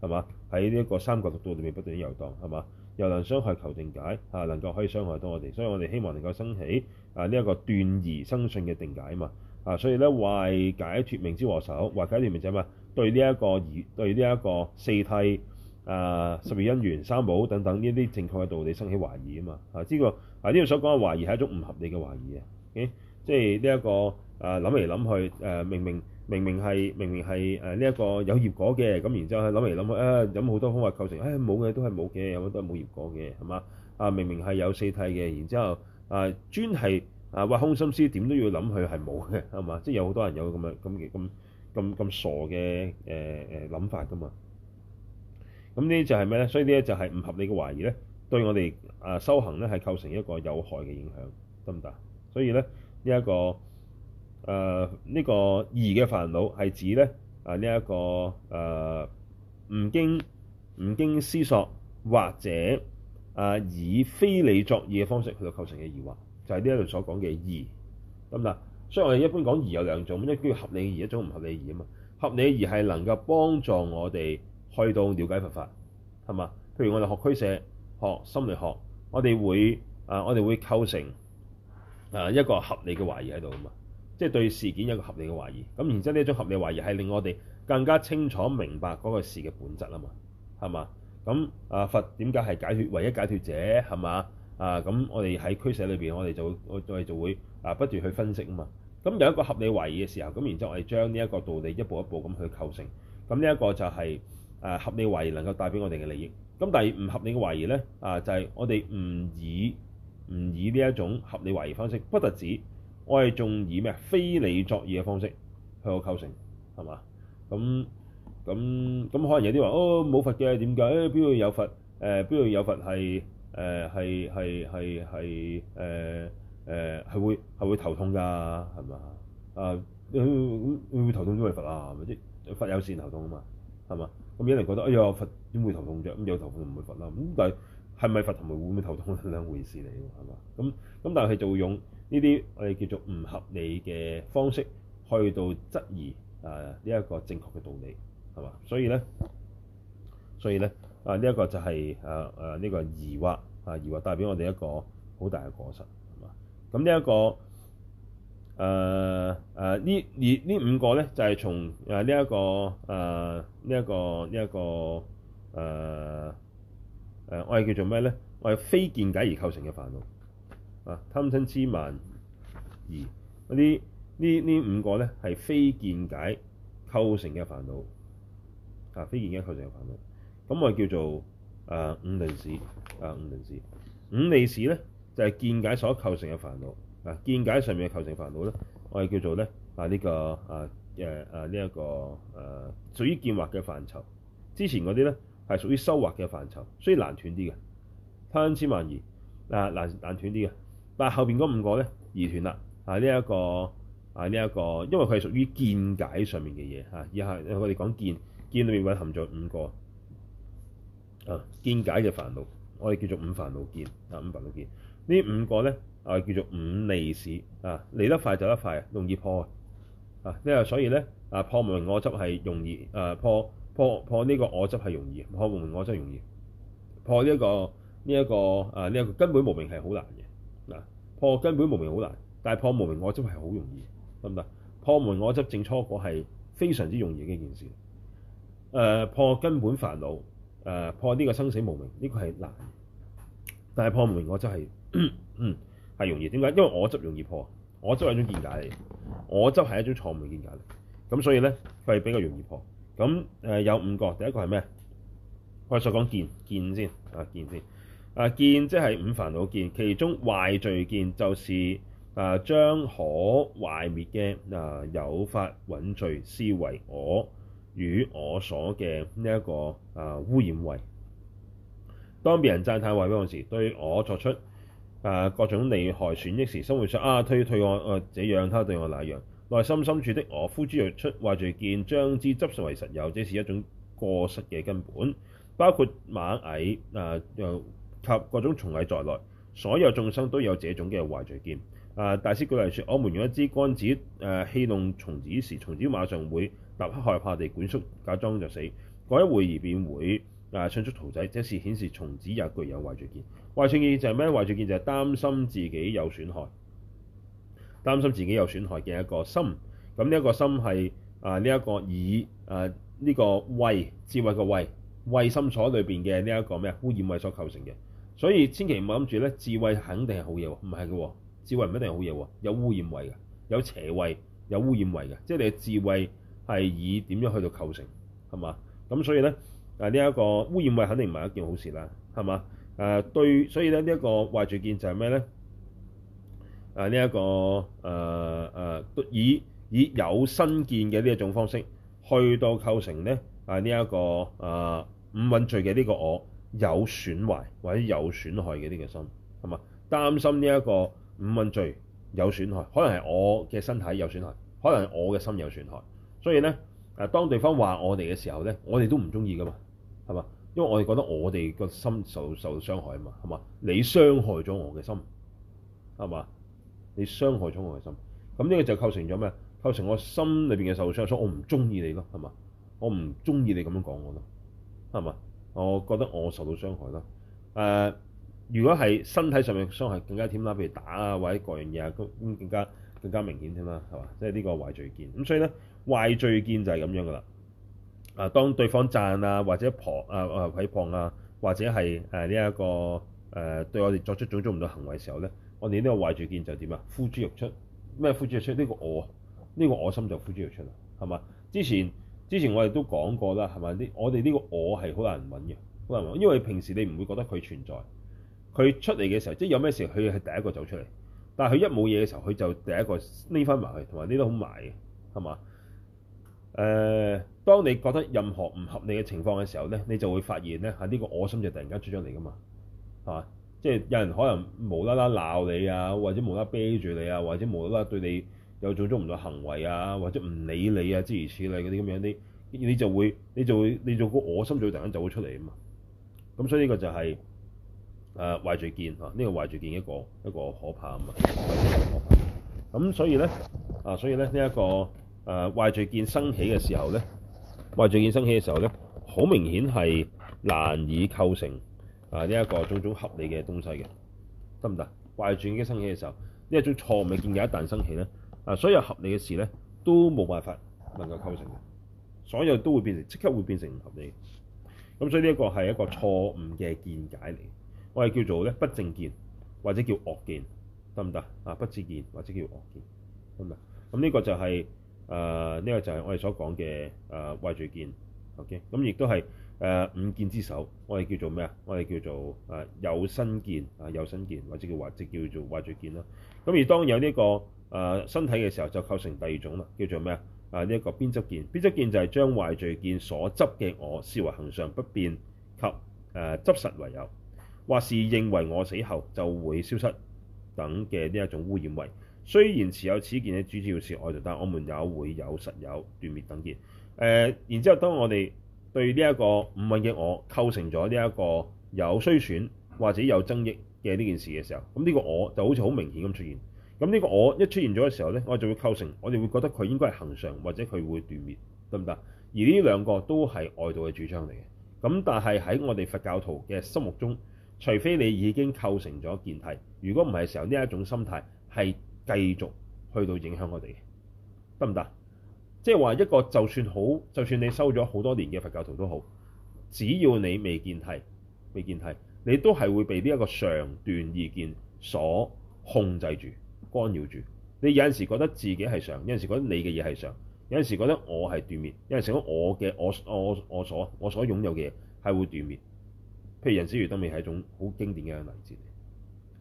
係嘛？喺呢一個三角六度裏面不斷啲遊蕩，係嘛？又能傷害求定解啊，能夠可以傷害到我哋，所以我哋希望能夠生起啊呢一、個斷而生信嘅定解啊嘛！啊，所以咧壞解脫命之禍首，壞解脫命，命者嘛、這個，對呢一個而對呢一個四諦。誒十二因緣三寶等等呢啲正確嘅道理生起懷疑啊嘛，啊呢個啊呢個所講嘅懷疑係一種唔合理嘅懷疑，okay? 即這個、啊即係呢一個誒諗嚟諗去誒、啊、明明明明係明明係誒呢一個有業果嘅，咁然之後諗嚟諗去誒諗好多空話構成，誒冇嘅都係冇嘅，都有都係冇業果嘅，係嘛？啊明明係有四諦嘅，然之後啊專係啊挖空心思點都要諗佢係冇嘅，係嘛？即係有好多人有咁嘅咁嘅咁咁咁傻嘅誒誒諗法㗎嘛？咁呢啲就係咩咧？所以呢啲就係唔合理嘅懷疑咧，對我哋啊修行咧係構成一個有害嘅影響，得唔得？所以咧呢一個誒呢、呃呢個疑嘅煩惱係指咧啊呢一個誒唔、呃、經唔經思索或者啊、呃、以非理作意嘅方式去到構成嘅疑惑，就係呢一段所講嘅疑，咁嗱，所以我哋一般講疑有兩種，一啲叫合理疑，一種唔合理疑啊嘛。合理疑係能夠幫助我哋。去到了解佛法，係嘛？譬如我哋學區舍學心理學，我哋會啊，我哋會構成啊一個合理嘅懷疑喺度啊嘛，即係對事件有個合理嘅懷疑。咁然之後呢一種合理懷疑係令我哋更加清楚明白嗰個事嘅本質是啊嘛，係嘛？咁啊佛點解係解脫唯一解脫者係嘛？啊咁我哋喺區舍裏邊，我哋就會我哋就會啊不斷去分析啊嘛。咁有一個合理懷疑嘅時候，咁然之後我哋將呢一個道理一步一步咁去構成。咁呢一個就係。誒合理懷疑能夠帶俾我哋嘅利益，咁但係唔合理嘅懷疑咧，啊就係、是、我哋唔以唔以呢一種合理懷疑方式，不特止我還，我係仲以咩非理作意嘅方式去構成係嘛？咁咁咁可能有啲話哦冇罰嘅點解？邊度、欸、有罰，誒邊度有罰係誒係係係係誒誒係會係會頭痛㗎係嘛？啊會會會頭痛都係罰啊？係咪先？罰有時頭痛啊嘛係嘛？咁有人覺得，哎呀，佛點會頭痛著？咁有頭痛唔會佛啦。咁但係係咪佛唔會會唔會頭痛，係兩回事嚟喎，係嘛？咁咁但係就會用呢啲我哋叫做唔合理嘅方式去到質疑啊呢一個正確嘅道理係嘛？所以咧，所以咧，啊呢一個就係啊啊呢個疑惑啊疑惑代表我哋一個好大嘅過失，係嘛？咁呢一個。誒誒、呃呃、呢？而呢五個咧，就係從誒呢一個誒呢一個呢一個誒誒，我係叫做咩咧？我係非見解而構成嘅煩惱啊！貪瞋痴慢疑嗰呢？呢五個咧，係非見解構成嘅煩惱啊！非見解構成嘅煩惱，咁、啊、我叫做誒、呃、五鈍使啊！五鈍使，五利使咧就係、是、見解所構成嘅煩惱。啊，見解上面嘅構成的煩惱咧，我哋叫做咧、這個、啊呢、啊啊這個啊啊呢一屬於見惑嘅範疇。之前嗰啲咧係屬於修惑嘅範疇，所以難斷啲嘅，攀千萬二啊難斷啲嘅。但後面嗰五個咧而斷啦啊呢一、這個啊呢一、這個、因為佢係屬於見解上面嘅嘢嚇。以下我哋講見見裏面蘊含咗五個啊見解嘅煩惱，我哋叫做五煩惱見啊，五煩惱見呢五個咧。啊，叫做五利使啊，嚟得快就得快，容易破啊。因為所以咧啊，破無明我執係容易啊，破破破呢個我執係容易，破無明我執容易，破呢一個呢一個啊呢一個根本無明係好難嘅嗱、啊，破根本無明好難，但係破無明我執係好容易得唔得？破無明我執證初果係非常之容易嘅一件事。誒、啊，破根本煩惱，誒、啊，破呢個生死無明呢個係難的，但係破無明我執係嗯。係容易點解？因為我執容易破，我執係一種見解嚟，我執係一種錯誤嘅見解嚟，咁所以咧佢係比較容易破。咁誒有五個，第一個係咩？我哋所講見見先啊，見先啊，見即係五煩惱見，其中壞聚見就是誒將可壞滅嘅啊有法蘊聚，視為我與我所嘅呢一個啊污染慧。當別人讚歎我嘅時，對我作出。誒、啊、各種利害損益時，生活上啊，退推退我，誒、啊、這樣他對我那樣，內心深處的我呼之欲出，壞聚見將之執為實有，這是一種過失嘅根本。包括螞蟻啊，又及各種蟲蟻在內，所有眾生都有這種嘅壞聚見。誒、啊、大師舉例說我們用一支竿子誒、啊、戲弄蟲子時，蟲子馬上會立刻害怕地蜷縮，假裝就死。過一會兒便會。啊！唱出蟲仔，即是顯示從子也具有壞聚見。壞聚見就係咩？壞聚見就係擔心自己有損害，擔心自己有損害嘅一個心。咁呢一個心係啊，呢一個耳啊，呢個慧智慧嘅慧，慧心所裏邊嘅呢一個咩污染慧所構成嘅。所以千祈唔好諗住咧，智慧肯定係好嘢喎，唔係嘅喎，智慧唔一定係好嘢喎，有污染慧嘅，有邪慧，有污染慧嘅。即係你嘅智慧係以點樣去到構成係嘛？咁所以咧。啊！呢、這、一個污染係肯定唔係一件好事啦，係嘛？誒、啊、對，所以咧呢一個壞聚見就係咩咧？啊！呢、這、一個誒誒、啊啊，以以有身見嘅呢一種方式去到構成咧啊！呢、這、一個啊五蘊聚嘅呢個我有損壞或者有損害嘅呢個心，係嘛？擔心呢一個五蘊聚有損害，可能係我嘅身體有損害，可能係我嘅心有損害。所以咧誒、啊，當對方話我哋嘅時候咧，我哋都唔中意噶嘛。係嘛？因為我哋覺得我哋個心受受到傷害啊嘛，係嘛？你傷害咗我嘅心，係嘛？你傷害咗我嘅心，咁呢個就構成咗咩？構成我心裏面嘅受傷，所以我唔中意你咯，係嘛？我唔中意你咁樣講，我囉。係嘛？我覺得我受到傷害啦，誒、呃，如果係身體上面傷害更加添啦，譬如打啊或者各樣嘢啊，咁更加更加明顯添啦，係嘛？即係呢個壞聚見咁，所以咧壞聚見就係咁樣噶啦。啊！當對方讚啊，或者婆啊、誒譭謗啊，或者係誒呢一個誒、呃、對我哋作出種種唔同的行為嘅時候咧，我哋呢個壞聚見就點啊？呼之欲出，咩呼之欲出？呢、呢個我，呢、呢個我心就呼之欲出啦，係嘛？之前之前我哋都講過啦，係咪？呢我哋呢個我係好難揾嘅，好難揾，因為平時你唔會覺得佢存在，佢出嚟嘅時候，即係有咩事佢係第一個走出嚟，但係佢一冇嘢嘅時候，佢就第一個匿翻埋去，同埋匿得好埋嘅，係嘛？誒、呃，當你覺得任何唔合理嘅情況嘅時候咧，你就會發現咧，係呢個我心就突然間出咗嚟噶嘛，係、啊、嘛？即係有人可能無啦啦鬧你啊，或者無啦啦啤住你啊，或者無啦啦對你有種種唔同行為啊，或者唔理你啊，諸如此類嗰啲咁樣啲，你就會，你就會，你就個我心就會突然間就會出嚟啊嘛。咁所以呢個就係誒壞聚見嚇，呢、啊這個壞聚見一個一個可怕啊嘛。咁、啊、所以咧，啊所以咧呢一、這個。誒壞聚見生起嘅時候咧，壞聚見生起嘅時候咧，好明顯係難以構成啊呢一個種種合理嘅東西嘅，得唔得？壞聚見生起嘅時候，呢一種錯誤嘅見解一旦生起咧，啊所有合理嘅事咧都冇辦法能夠構成嘅，所有都會變成即刻會變成唔合理嘅，咁所以呢一個係一個錯誤嘅見解嚟，我哋叫做咧不正見或者叫惡見，得唔得？啊不自見或者叫惡見，得唔得？咁呢個就係、是。誒呢、呃這個就係我哋所講嘅誒壞聚見，OK，咁亦都係誒、呃、五見之首。我哋叫做咩啊？我哋叫做誒有、呃、身見，啊有身見或者叫或者叫做壞聚見啦。咁而當有呢、這個誒、呃、身體嘅時候，就構成第二種啦，叫做咩啊？啊呢一個邊執見，邊執見就係將壞聚見所執嘅我視為恆常不變及誒執、呃、實為有，或是認為我死後就會消失等嘅呢一種污染慧。雖然持有此見嘅主要是外道，但我們也會有實有斷滅等見。誒、呃，然之後當我哋對呢一個五蘊嘅我構成咗呢一個有衰損或者有增益嘅呢件事嘅時候，咁、這、呢個我就好似好明顯咁出現。咁、這、呢個我一出現咗嘅時候呢，我就會構成，我哋會覺得佢應該係恒常，或者佢會斷滅，得唔得？而呢兩個都係外道嘅主張嚟嘅。咁但係喺我哋佛教徒嘅心目中，除非你已經構成咗健體，如果唔係嘅時候，呢一種心態係。繼續去到影響我哋，得唔得？即係話一個，就算好，就算你修咗好多年嘅佛教徒都好，只要你未見諦、未見諦，你都係會被呢一個常斷意見所控制住、干擾住。你有陣時覺得自己係常，有陣時覺得你嘅嘢係常，有陣時覺得我係斷滅，有陣時覺得我嘅我我我所我所擁有嘅嘢係會斷滅。譬如人死如燈滅係一種好經典嘅例子，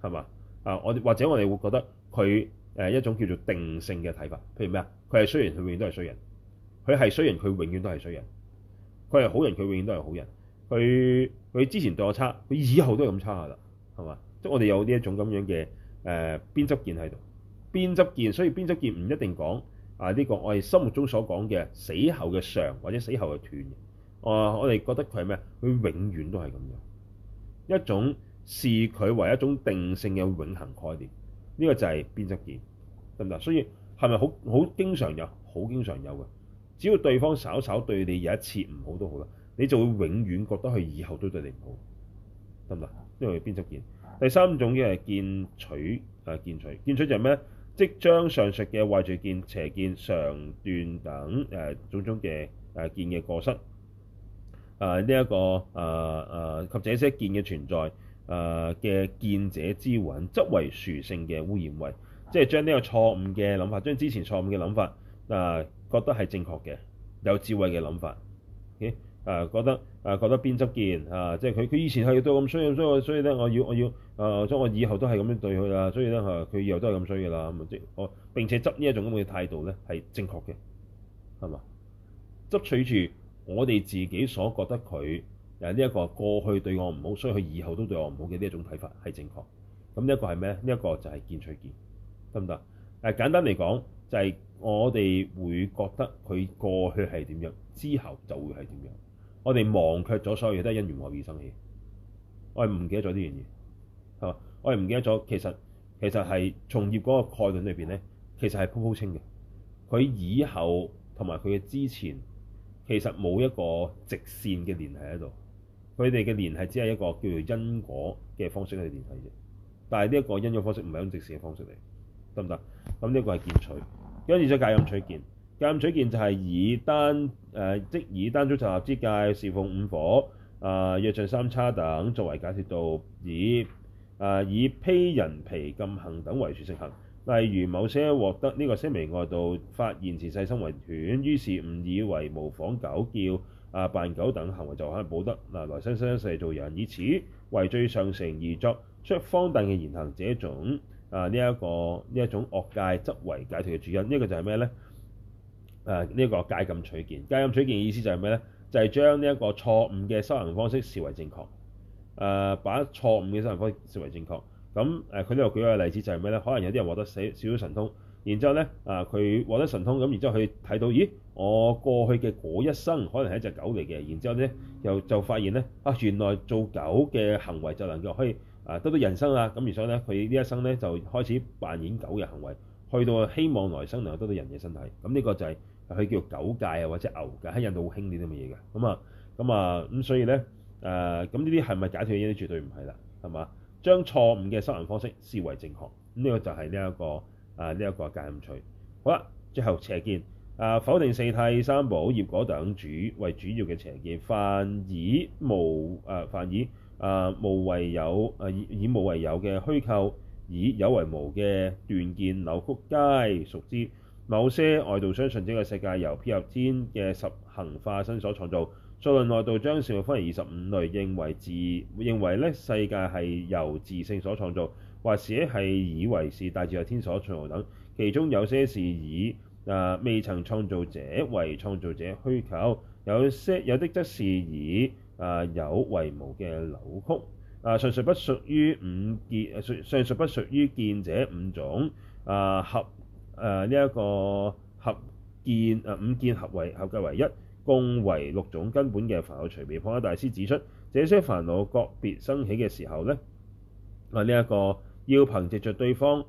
係嘛？啊，我或者我哋會覺得。佢誒一種叫做定性嘅睇法，譬如咩啊？佢係衰人，佢永遠都係衰人；佢係衰人，佢永遠都係衰人；佢係好人，佢永遠都係好人。佢佢之前對我差，佢以後都係咁差下啦，係嘛？即係我哋有呢一種咁樣嘅誒邊執見喺度，邊執見，所以邊執見唔一定講啊呢個我哋心目中所講嘅死後嘅常或者死後嘅斷，啊。我我哋覺得佢係咩？佢永遠都係咁樣一種視佢為一種定性嘅永恆概念。呢個就係邊執見，得唔得？所以係咪好好經常有，好經常有嘅？只要對方稍稍對你有一次唔好都好啦，你就會永遠覺得佢以後都對你唔好，得唔得？因為邊執見？第三種嘅係見取啊，見取見取就係咩？即將上述嘅壞聚見、邪見、常斷等誒、呃、種種嘅誒見嘅過失啊，呢、呃、一個啊啊、呃這個呃呃、及這些見嘅存在。誒嘅、呃、見者之蘊，則為殊勝嘅污染慧，即係將呢個錯誤嘅諗法，將之前錯誤嘅諗法，誒、呃、覺得係正確嘅，有智慧嘅諗法，誒、okay? 呃、覺得誒、呃、覺得邊執見啊、呃？即係佢佢以前係都咁衰，所以所以咧，我要我要將我以後都係咁樣對佢啦，所以咧佢、呃、以後都係咁衰㗎啦。咁即我並且執呢一種咁嘅態度咧係正確嘅，係嘛？執取住我哋自己所覺得佢。誒呢一個過去對我唔好，所以佢以後都對我唔好嘅呢一種睇法係正確。咁呢一個係咩？呢一個就係見取見，得唔得啊？誒、呃、簡單嚟講，就係、是、我哋會覺得佢過去係點樣，之後就會係點樣。我哋忘卻咗所有嘢都係因緣果報而生起，我哋唔記得咗呢樣嘢，係我哋唔記得咗其實其實係從業嗰個概論裏邊呢，其實係鋪鋪清嘅。佢以後同埋佢嘅之前，其實冇一個直線嘅聯繫喺度。佢哋嘅聯繫只係一個叫做因果嘅方式去聯繫啫，但係呢一個因果方式唔係咁直線嘅方式嚟，得唔得？咁呢一個係見取，跟住再戒禁取見，戒禁取見就係以單誒、呃、即以單足站立之戒、侍奉五火啊、躍、呃、上三尖叉等作為解脫道，以、呃、啊以披人皮禁行等為殊勝行，例如某些獲得呢個聲明外道發現前世生為犬，於是誤以為模仿狗叫。啊、呃，扮狗等行為就可能保得嗱，來生生生世做人，以此為最上乘而作出荒誕嘅言行，這、呃，這種啊呢一個呢一種惡戒執為解脱嘅主因，呢、這個就係咩咧？誒呢一個戒禁取見，戒禁取見嘅意思就係咩咧？就係將呢一個錯誤嘅修行方式視為正確，誒、呃、把錯誤嘅修行方式視為正確。咁誒佢呢度舉個例子就係咩咧？可能有啲人獲得死少少神通。然之後咧啊，佢獲得神通咁，然之後佢睇到咦，我過去嘅嗰一生可能係一隻狗嚟嘅。然之後咧又就發現咧啊，原來做狗嘅行為就能夠可以啊得到人生啦。咁所以咧佢呢一生咧就開始扮演狗嘅行為，去到希望來生能夠得到人嘅身體。咁呢個就係、是、佢叫做狗界啊，或者牛界喺印度好興呢啲咁嘅嘢嘅咁啊咁啊咁，所以咧誒咁呢啲係咪解脫嘅嘢咧？絕對唔係啦，係嘛？將錯誤嘅修行方式視為正確，咁呢個就係呢一個。啊！呢、這、一個戒禁取。好啦，最後邪見。啊，否定四諦、三寶、業果等主為主要嘅邪見。犯而無啊，反而啊無為有啊，以以無為有嘅虛構，以有為無嘅斷見扭曲皆屬之。某些外道相信整個世界由遍入天嘅十行化身所創造。數論外道將事物分為二十五類，認為自認為咧世界係由自性所創造。或者係以為是大自在天所創造等，其中有些是以啊未曾創造者為創造者虛構，有些有的則是以啊有為無嘅扭曲。啊上述不屬於五見，上上述不屬於見者五種啊合啊呢一個合見啊五見合為合計為一，共為六種根本嘅煩惱隨眠。帕繃喀大師指出，這些煩惱各別生起嘅時候咧，啊呢一個、這個。要憑藉着，着對方誒、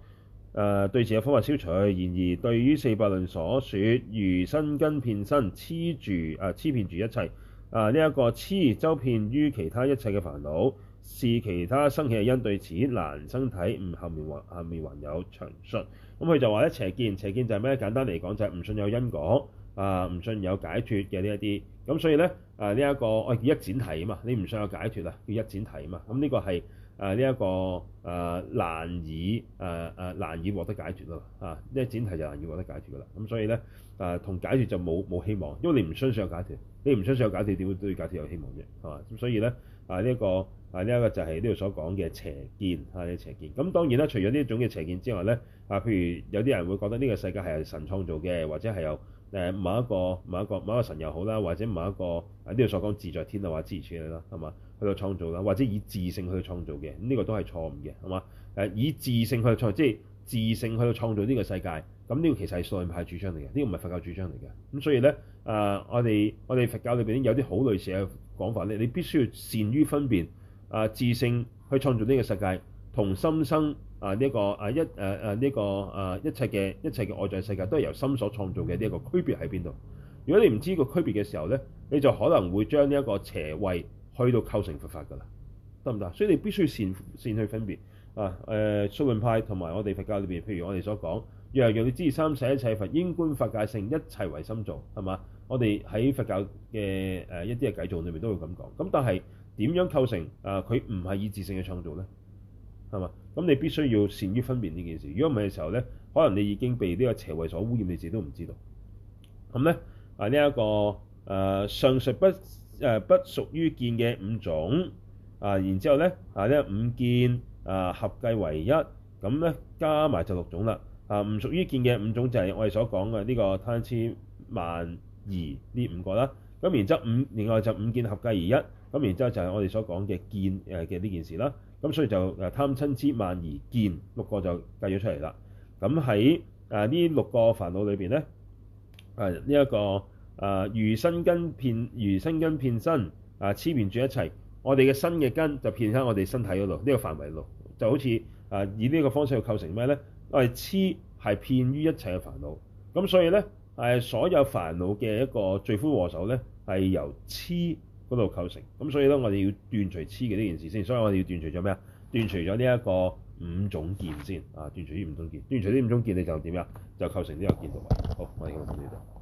呃、對治嘅方法消除。然而對於四百論所說，如身根遍身，癡住誒癡遍住一切啊呢一、這個癡周遍於其他一切嘅煩惱，是其他生起嘅因，對此難生體。唔後面話後面還有詳述。咁、嗯、佢就話咧邪見，邪見就係咩咧？簡單嚟講就係唔信有因果啊，唔信有解脫嘅呢一啲。咁所以咧啊呢、這個哎、一個我叫一闡提啊嘛，你唔信有解脫啊叫一闡提啊嘛。咁、嗯、呢、這個係。誒呢一個誒、啊、難以誒誒、啊啊、難以獲得解脫啊！啊呢個展提就難以獲得解脫噶啦，咁、啊、所以咧誒同解脫就冇冇希望，因為你唔相信有解脫，你唔相信有解脫，點會對解脫有希望啫？係、啊、嘛？咁所以咧啊呢一、這個啊呢一、這個就係呢度所講嘅邪見啊呢邪見。咁、啊啊、當然啦，除咗呢種嘅邪見之外咧，啊譬如有啲人會覺得呢個世界係由神創造嘅，或者係有誒某一個某一個某一個，某一個神又好啦，或者某一個啊呢度所講自在天啊話支持你啦，係嘛？去到創造啦，或者以自性去創造嘅，呢、這個都係錯誤嘅，係嘛？誒，以自性去創造，即係自性去到創造呢個世界，咁、這、呢個其實係數論派主張嚟嘅，呢、這個唔係佛教主張嚟嘅。咁所以咧，誒、呃，我哋我哋佛教裏邊有啲好類似嘅講法咧，你必須要善於分辨誒自、呃、性去創造呢個世界，同心生啊呢、呃這個啊一誒誒呢個啊、呃這個呃這個呃、一切嘅一切嘅外在世界都係由心所創造嘅呢一個區別喺邊度？如果你唔知道這個區別嘅時候咧，你就可能會將呢一個邪慧。去到構成佛法噶啦，得唔得？所以你必須要善善去分別啊！誒、呃，數論派同埋我哋佛教裏邊，譬如我哋所講，若若你知三世一切佛，應觀法界性，一切唯心造」，係嘛？我哋喺佛教嘅誒一啲嘅偈造裏面都會咁講。咁但係點樣構成啊？佢唔係以自性嘅創造咧，係嘛？咁你必須要善於分辨呢件事。如果唔係嘅時候咧，可能你已經被呢個邪慧所污染，你自己都唔知道。咁咧啊，呢、這、一個誒、啊、上述不。誒不屬於見嘅五種啊，然之後咧啊呢五見啊合計為一，咁咧加埋就六種啦。啊唔屬於見嘅五種就係我哋所講嘅呢個貪瞋慢疑呢五個啦。咁然之後五，另外就五見合計而一，咁然之後就係我哋所講嘅見誒嘅呢件事啦。咁所以就誒貪瞋痴慢疑見六個就計咗出嚟啦。咁喺啊呢六個煩惱裏邊咧，誒呢一個。誒、啊、如身根遍，如身根遍身，誒癡遍住一切。我哋嘅身嘅根就遍喺我哋身體嗰度，呢、這個範圍度就好似誒、啊、以呢個方式去構成咩咧？我哋癡係遍於一切嘅煩惱，咁所以咧、啊、所有煩惱嘅一個罪魁禍首咧係由癡嗰度構成，咁所以咧我哋要斷除癡嘅呢件事先，所以我哋要斷除咗咩啊？斷除咗呢一個五種見先，啊斷除呢五種見斷除呢五種見你就點呀？就構成呢個見道。好，我哋講到呢度。